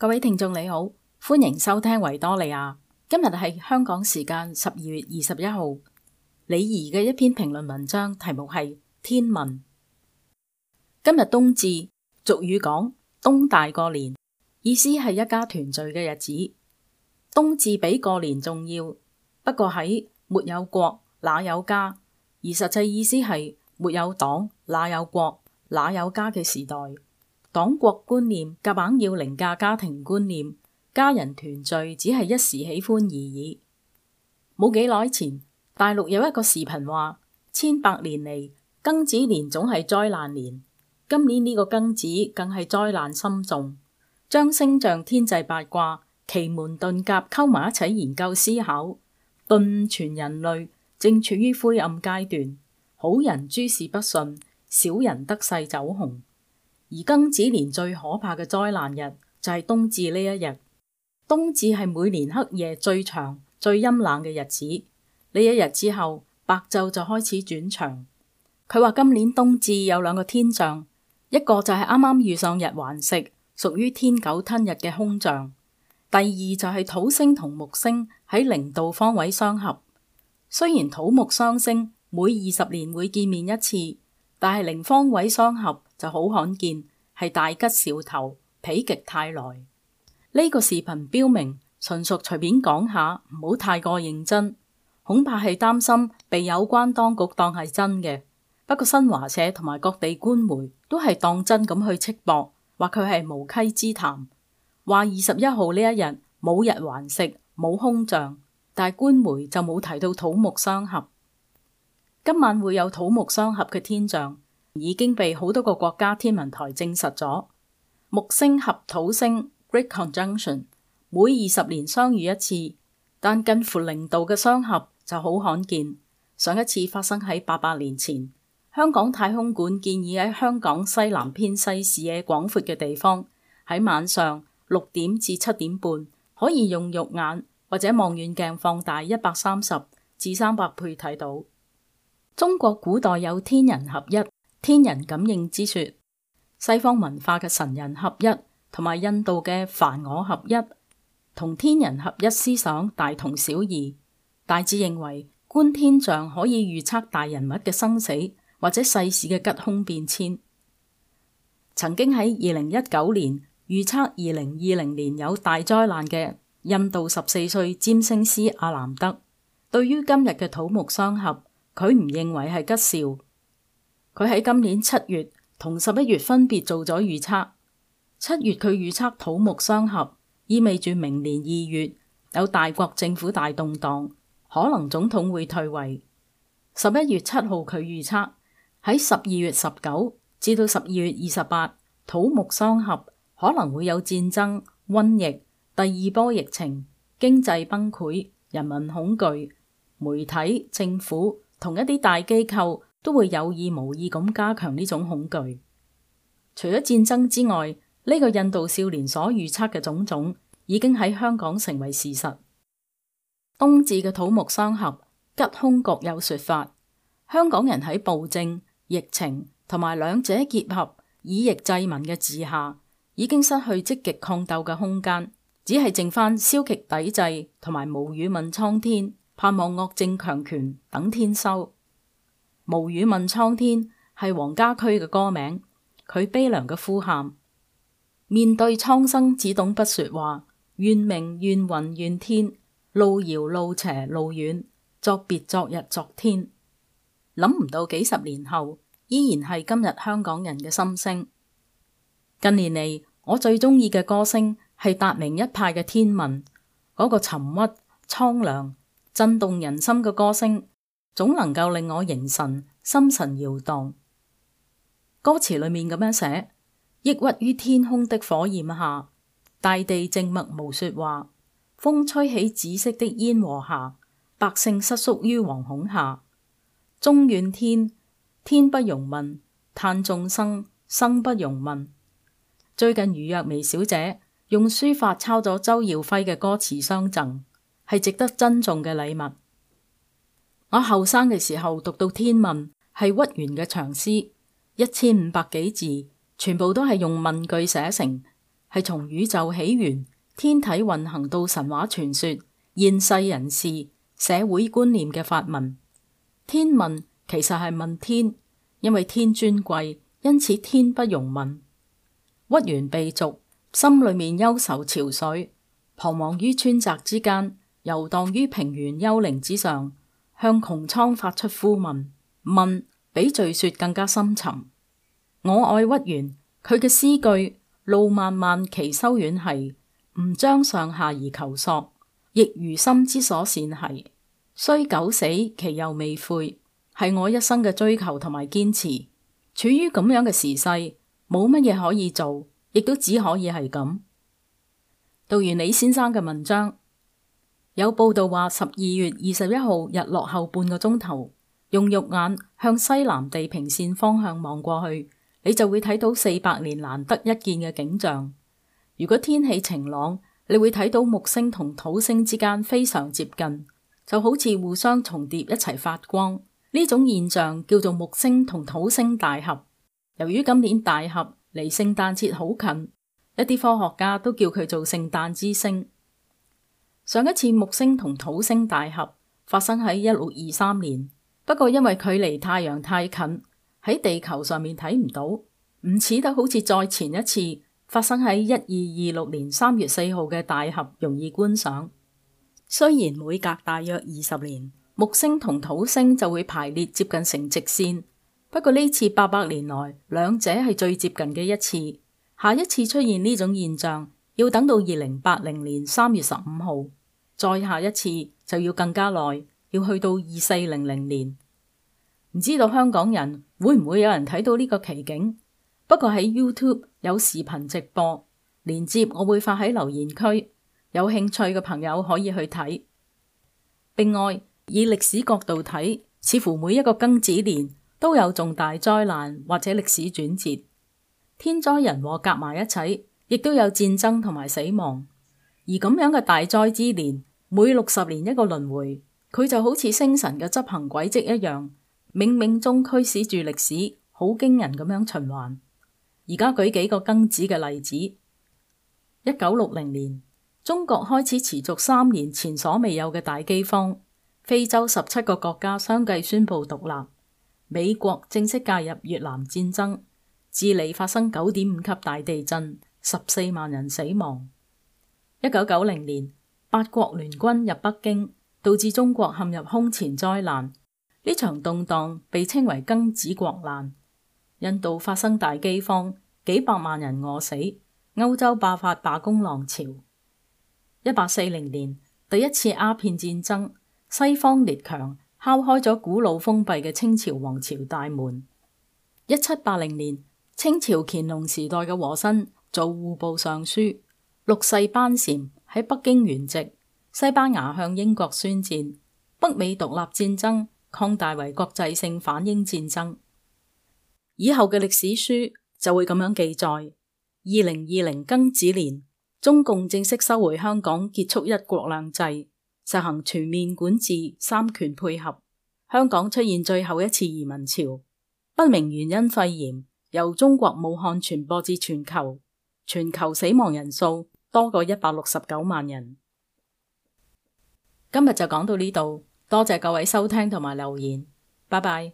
各位聽眾你好，歡迎收聽維多利亞。今日係香港時間十二月二十一號，李怡嘅一篇評論文章，題目係天問。今日冬至，俗語講冬大過年，意思係一家團聚嘅日子。冬至比過年重要，不過喺沒有國哪有家，而實際意思係沒有黨哪有國哪有家嘅時代。黨國觀念夾硬要凌駕家庭觀念，家人團聚只係一時喜歡而已。冇幾耐前，大陸有一個視頻話，千百年嚟庚子年總係災難年，今年呢個庚子更係災難深重。將星象、天際、八卦、奇門遁甲溝埋一齊研究思考，遁全人類正處於灰暗階段，好人諸事不順，小人得勢走紅。而庚子年最可怕嘅災難日就係、是、冬至呢一日。冬至係每年黑夜最長、最陰冷嘅日子。呢一日之後，白晝就開始轉長。佢話今年冬至有兩個天象，一個就係啱啱遇上日環食，屬於天狗吞日嘅凶象。第二就係土星同木星喺零度方位相合。雖然土木雙星每二十年會見面一次。但係零方位雙合就好罕見，係大吉兆頭，否極泰來。呢個視頻標明純屬隨便講下，唔好太過認真。恐怕係擔心被有關當局當係真嘅。不過新華社同埋各地官媒都係當真咁去斥駁，話佢係無稽之談。話二十一號呢一日冇日環食，冇空象，但官媒就冇提到土木雙合。今晚會有土木相合嘅天象，已經被好多個國家天文台證實咗。木星合土星 （Great Conjunction） 每二十年相遇一次，但近乎零度嘅相合就好罕見。上一次發生喺八百年前。香港太空館建議喺香港西南偏西視野廣闊嘅地方，喺晚上六點至七點半，可以用肉眼或者望遠鏡放大一百三十至三百倍睇到。中國古代有天人合一、天人感應之說，西方文化嘅神人合一，同埋印度嘅梵我合一，同天人合一思想大同小異。大致認為觀天象可以預測大人物嘅生死或者世事嘅吉凶變遷。曾經喺二零一九年預測二零二零年有大災難嘅印度十四歲占星師阿南德，對於今日嘅土木相合。佢唔認為係吉兆。佢喺今年七月同十一月分別做咗預測。七月佢預測土木相合，意味住明年二月有大國政府大動蕩，可能總統會退位。十一月七號佢預測喺十二月十九至到十二月二十八土木相合，可能會有戰爭、瘟疫、第二波疫情、經濟崩潰、人民恐懼、媒體、政府。同一啲大機構都會有意無意咁加強呢種恐懼。除咗戰爭之外，呢、這個印度少年所預測嘅種種已經喺香港成為事實。冬至嘅土木相合，吉凶各有說法。香港人喺暴政、疫情同埋兩者結合以逆制民嘅治下，已經失去積極抗鬥嘅空間，只係剩返消極抵制同埋無語問蒼天。盼望惡政強權等天收。無語問蒼天，係黃家駒嘅歌名。佢悲涼嘅呼喊，面對蒼生只懂不說話，怨命怨雲怨天，路遙路斜路遠，作別昨日昨天，諗唔到幾十年後依然係今日香港人嘅心聲。近年嚟，我最鍾意嘅歌星係達明一派嘅天問，嗰、那個沉鬱蒼涼。震動人心嘅歌聲，總能夠令我凝神，心神搖蕩。歌詞裏面咁樣寫：抑鬱於天空的火焰下，大地靜默無說話；風吹起紫色的煙和霞，百姓瑟縮於惶恐下。中怨天，天不容問；嘆眾生，生不容問。最近余若薇小姐用書法抄咗周耀輝嘅歌詞相贈。係值得珍重嘅禮物。我後生嘅時候讀到《天問》，係屈原嘅長詩，一千五百幾字，全部都係用問句寫成，係從宇宙起源、天體運行到神話傳說、現世人事、社會觀念嘅發問。《天問》其實係問天，因為天尊貴，因此天不容問。屈原被逐，心裏面憂愁憔悴，彷徨於川澤之間。遊蕩於平原幽靈之上，向穹蒼發出呼問，問比敘說更加深沉。我愛屈原，佢嘅詩句路漫漫其修遠兮，吾將上下而求索，亦如心之所善兮，雖九死其猶未悔，係我一生嘅追求同埋堅持。處於咁樣嘅時勢，冇乜嘢可以做，亦都只可以係咁。讀完李先生嘅文章。有報道話，十二月二十一號日落後半個鐘頭，用肉眼向西南地平線方向望過去，你就會睇到四百年難得一見嘅景象。如果天氣晴朗，你會睇到木星同土星之間非常接近，就好似互相重疊一齊發光。呢種現象叫做木星同土星大合。由於今年大合離聖誕節好近，一啲科學家都叫佢做聖誕之星。上一次木星同土星大合發生喺一六二三年，不過因為距離太陽太近，喺地球上面睇唔到，唔似得好似再前一次發生喺一二二六年三月四號嘅大合容易觀賞。雖然每隔大約二十年，木星同土星就會排列接近成直線，不過呢次八百年來兩者係最接近嘅一次。下一次出現呢種現象，要等到二零八零年三月十五號。再下一次就要更加耐，要去到二四零零年，唔知道香港人會唔會有人睇到呢個奇景。不過喺 YouTube 有視頻直播連接，我會發喺留言區，有興趣嘅朋友可以去睇。另外，以歷史角度睇，似乎每一個庚子年都有重大災難或者歷史轉折，天災人禍夾埋一齊，亦都有戰爭同埋死亡。而咁樣嘅大災之年。每六十年一個輪迴，佢就好似星神嘅執行軌跡一樣，冥冥中驅使住歷史，好驚人咁樣循環。而家舉幾個庚子嘅例子：一九六零年，中國開始持續三年前所未有嘅大饑荒；非洲十七個國家相繼宣布獨立；美國正式介入越南戰爭；智利發生九點五級大地震，十四萬人死亡。一九九零年，八國聯軍入北京，導致中國陷入空前災難。呢場動蕩被稱為庚子國難。印度發生大飢荒，幾百萬人餓死。歐洲爆發罷工浪潮。一八四零年，第一次鴉片戰爭，西方列強敲開咗古老封閉嘅清朝王朝大門。一七八零年，清朝乾隆時代嘅和珅做戶部尚書，六世班禪。喺北京圓寂，西班牙向英國宣戰，北美獨立戰爭擴大為國際性反英戰爭。以後嘅歷史書就會咁樣記載。二零二零庚子年，中共正式收回香港，結束一國兩制，實行全面管治，三權配合。香港出現最後一次移民潮，不明原因肺炎由中國武漢傳播至全球，全球死亡人數。多過一百六十九萬人。今日就講到呢度，多謝各位收聽同埋留言，拜拜。